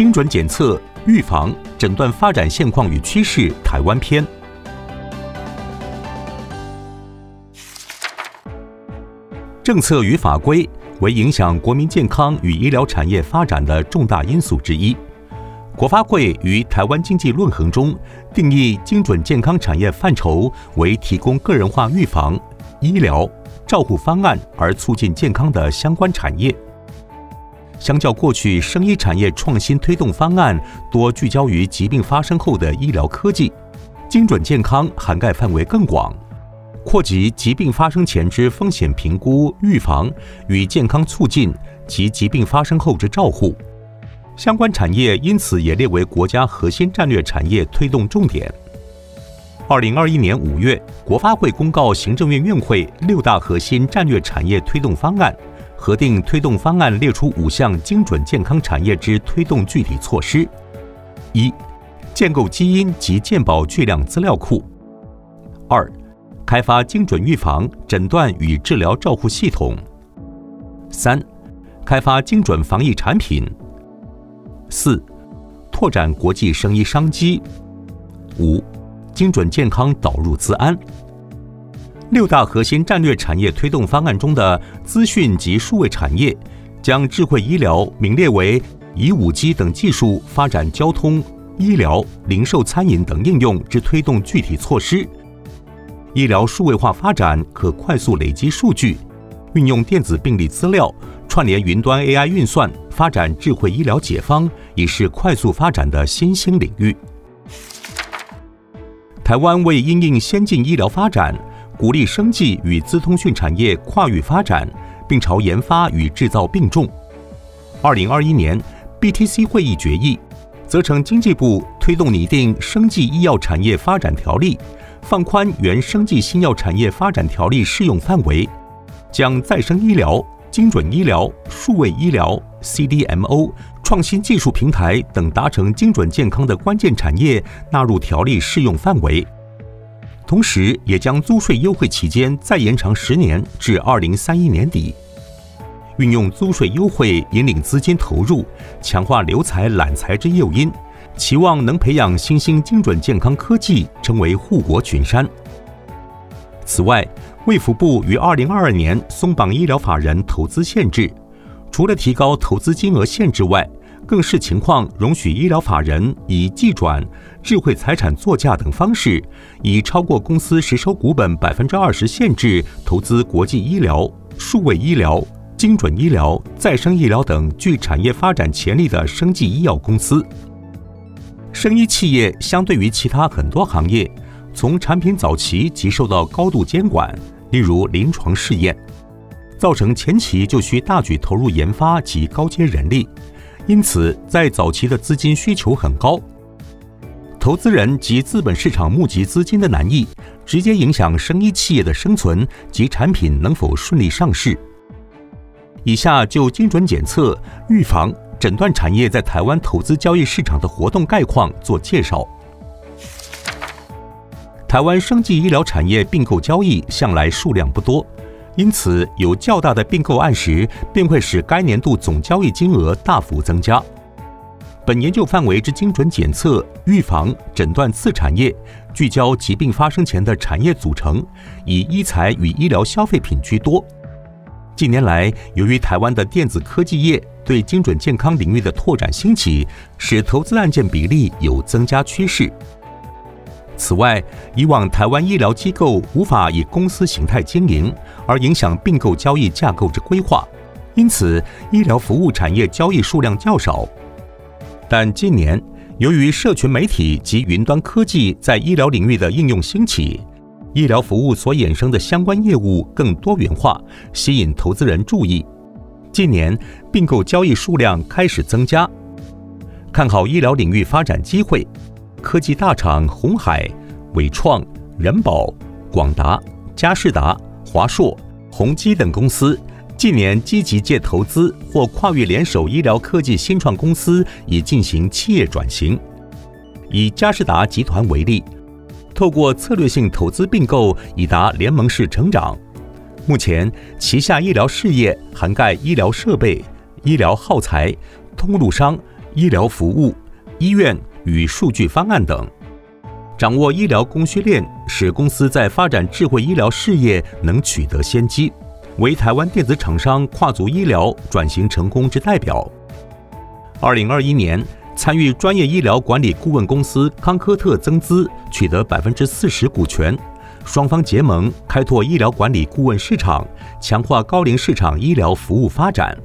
精準檢測、預防、診斷發展現況與趨勢（台灣篇）。政策與法規為影響國民健康與醫療產業發展的重大因素之一。國發會於《台灣經濟論衡》中定義精準健康產業範疇為提供個人化預防、醫療、照護方案而促進健康的相關產業。相較過去，生醫產業創新推動方案，多聚焦於疾病發生後的醫療科技，精準健康涵蓋範圍更廣，擴及疾病發生前之風險評估、預防與健康促進及疾病發生後之照護。相關產業因此也列為國家核心戰略產業推動重點。二零二一年五月，國發會公告行政院院會六大核心戰略產業推動方案。核定推動方案列出五項精準健康產業之推動具體措施：一、建構基因及健保巨量資料庫；二、開發精準預防、診斷與治療照護系統；三、開發精準防疫產品；四、拓展國際生醫商機；五、精準健康導入資安。六大核心戰略產業推動方案中的資訊及數位產業，將智慧醫療名列為以五 G 等技術發展交通、醫療、零售、餐飲等應用之推動具體措施。醫療數位化發展可快速累積數據，運用電子病歷資料串聯雲端 AI 運算，發展智慧醫療解方，已是快速發展的新興領域。台灣為因應先進醫療發展，鼓勵生技與資通訊產業跨域發展，並朝研發與製造並重。二零二一年，BTC 會議決議，責成經濟部推動擬定生技醫藥產業發展條例，放寬原生技新藥產業發展條例適用範圍，將再生醫療、精準醫療、數位醫療、CDMO、創新技術平台等達成精準健康的關鍵產業納入條例適用範圍。同時，也將租稅優惠期間再延長十年，至二零三一年底。運用租稅優惠引領資金投入，強化留才攬才之誘因，期望能培養新興精準健康科技，成為護國群山。此外，衛福部於二零二二年鬆綁醫療法人投資限制，除了提高投資金額限制外，更視情況容許醫療法人以技轉、智慧財產作價等方式，以超過公司實收股本百分之二十限制，投資國際醫療、數位醫療、精準醫療、再生醫療等具產業發展潛力的生技醫藥公司。生醫企業相對於其他很多行業，從產品早期即受到高度監管，例如臨床試驗，造成前期就需大舉投入研發及高階人力。因此，在早期的資金需求很高，投資人及資本市場募集資金的難易，直接影響生醫企業的生存及產品能否順利上市。以下就精準檢測、預防、診斷產業在台灣投資交易市場的活動概況做介紹。台灣生技醫療產業併購交易向來數量不多。因此，有較大的併購案時，便會使該年度總交易金額大幅增加。本研究範圍之精準檢測、預防、診斷次產業，聚焦疾病發生前的產業組成，以醫材與醫療消費品居多。近年來，由於台灣的電子科技業對精準健康領域的拓展興起，使投資案件比例有增加趨勢。此外，以往台灣醫療機構無法以公司形態經營，而影響併購交易架構之規劃，因此醫療服務產業交易數量較少。但今年，由於社群媒體及雲端科技在醫療領域的應用興起，醫療服務所衍生的相關業務更多元化，吸引投資人注意。近年併購交易數量開始增加，看好醫療領域發展機會。科技大廠鴻海、緯創、仁寶、廣達、佳世達、華碩、宏碁等公司近年積極借投資或跨越聯手醫療科技新創公司，以進行企業轉型。以佳世達集團為例，透過策略性投資併購，以達聯盟式成長。目前旗下醫療事業涵蓋醫療設備、醫療耗材、通路商、醫療服務、醫院。與數據方案等，掌握醫療供需鏈，使公司在發展智慧醫療事業能取得先機，為台灣電子廠商跨足醫療轉型成功之代表。二零二一年，參與專業醫療管理顧問公司康科特增資，取得百分之四十股權，雙方結盟，開拓醫療管理顧問市場，強化高齡市場醫療服務發展。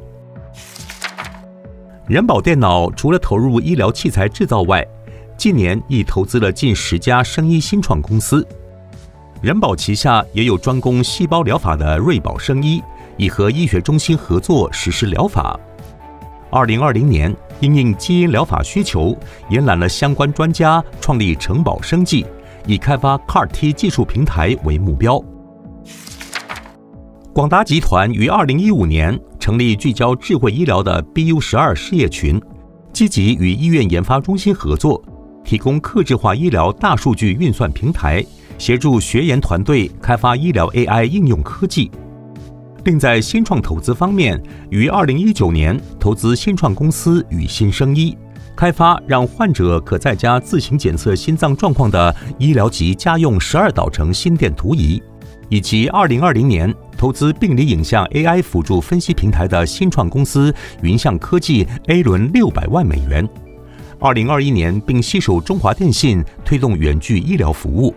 仁寶電腦除了投入醫療器材製造外，近年亦投資了近十家生醫新創公司。仁寶旗下也有專攻細胞療法的瑞寶生醫，已和醫學中心合作實施療法。二零二零年，因應基因療法需求，延攬了相關專家創立城堡生技，以開發 CAR-T 技術平台為目標。廣達集團於二零一五年成立聚焦智慧醫療的 BU 十二事業群，積極與醫院研發中心合作，提供客製化醫療大數據運算平台，協助學研團隊開發醫療 AI 應用科技，並在新創投資方面，於二零一九年投資新創公司與新生醫，開發讓患者可在家自行檢測心臟狀況的醫療級家用十二導程心電圖儀，以及二零二零年，投資病理影像 AI 輔助分析平台的新創公司雲象科技 A 輪六百萬美元。二零二一年並攜手中華電信推動遠距醫療服務。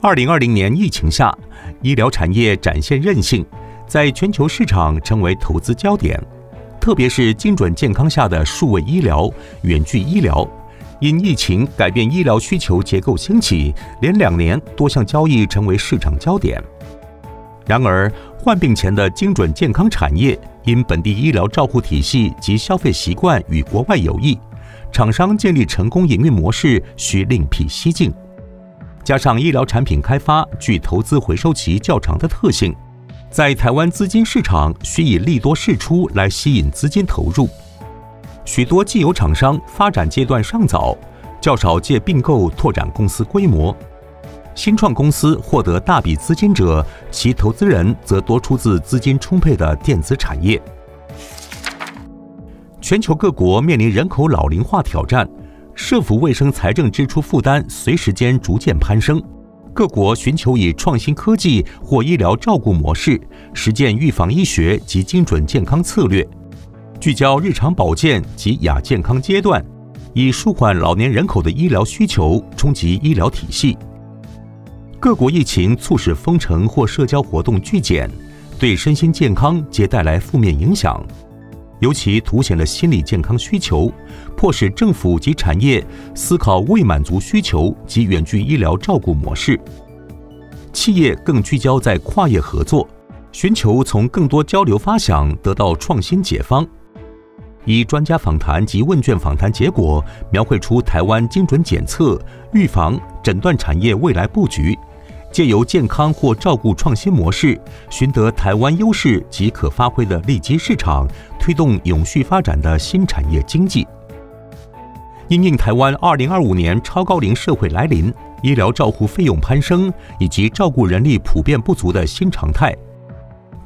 二零二零年疫情下，醫療產業展現韌性，在全球市場成為投資焦點。特別是精準健康下的數位醫療、遠距醫療，因疫情改變醫療需求結構興起，連兩年多項交易成為市場焦點。然而，患病前的精準健康產業因本地醫療照護體系及消費習慣與國外有異，廠商建立成功營運模式需另闢蹊徑。加上醫療產品開發具投資回收期較長的特性，在台灣資金市場需以利多釋出來吸引資金投入。許多既有廠商發展階段尚早，較少借併購拓展公司規模。新創公司獲得大筆資金者，其投資人則多出自資金充沛的電子產業。全球各國面臨人口老齡化挑戰，社福衛生財政支出負擔隨時間逐漸攀升。各國尋求以創新科技或醫療照顧模式，實踐預防醫學及精準健康策略，聚焦日常保健及亞健康階段，以舒緩老年人口的醫療需求，衝擊醫療體系。各國疫情促使封城或社交活動劇減，對身心健康皆帶來負面影響，尤其凸顯了心理健康需求，迫使政府及產業思考未滿足需求及遠距醫療照顧模式。企業更聚焦在跨業合作，尋求從更多交流發想得到創新解方。以專家訪談及問卷訪談結果，描繪出台灣精準檢測、預防、診斷產業未來布局。借由健康或照顧創新模式，尋得台灣優勢及可發揮的利基市場，推動永續發展的新產業經濟。因應台灣二零二五年超高齡社會來臨、醫療照護費用攀升以及照顧人力普遍不足的新常態，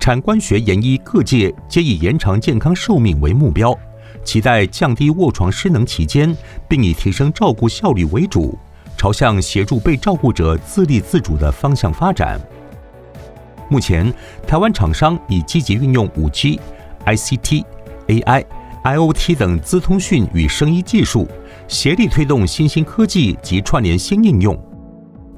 產官學研醫各界皆以延長健康壽命為目標，期待降低臥床失能期間，並以提升照顧效率為主。朝向協助被照顧者自立自主的方向發展。目前，台灣廠商已積極運用 5G、ICT、AI、IoT 等資通訊與生醫技術，協力推動新興科技及串聯新應用。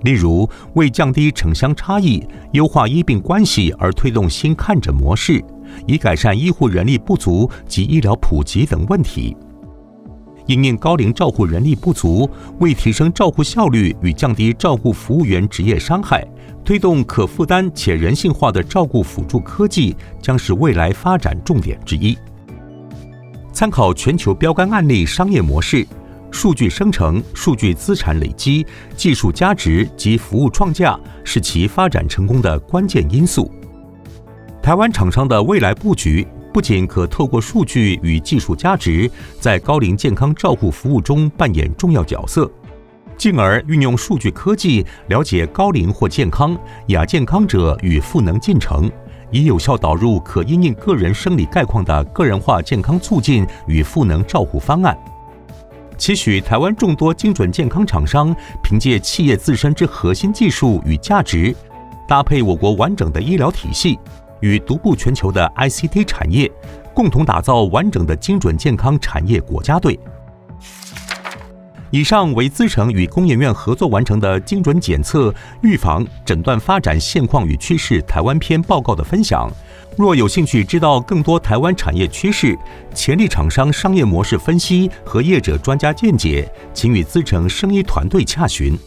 例如，為降低城鄉差異、優化醫病關係而推動新看診模式，以改善醫護人力不足及醫療普及等問題。因應高齡照護人力不足，為提升照護效率與降低照護服務員職業傷害，推動可負擔且人性化的照顧輔助科技將是未來發展重點之一。參考全球標杆案例商業模式、數據生成、數據資產累積、技術價值及服務創價是其發展成功的關鍵因素。台灣廠商的未來布局。不僅可透過數據與技術價值，在高齡健康照護服務中扮演重要角色，進而運用數據科技了解高齡或健康亞健康者與賦能進程，以有效導入可因應個人生理概況的個人化健康促進與賦能照護方案。期許台灣眾多精準健康廠商憑借企業自身之核心技術與價值，搭配我國完整的醫療體系。與獨步全球的 ICT 產業，共同打造完整的精準健康產業國家隊。以上為資誠與工研院合作完成的《精準檢測、預防、診斷發展現況與趨勢》台灣篇報告的分享。若有興趣知道更多台灣產業趨勢、潛力廠商商業模式分析和業者專家見解，請與資誠生醫團隊洽詢。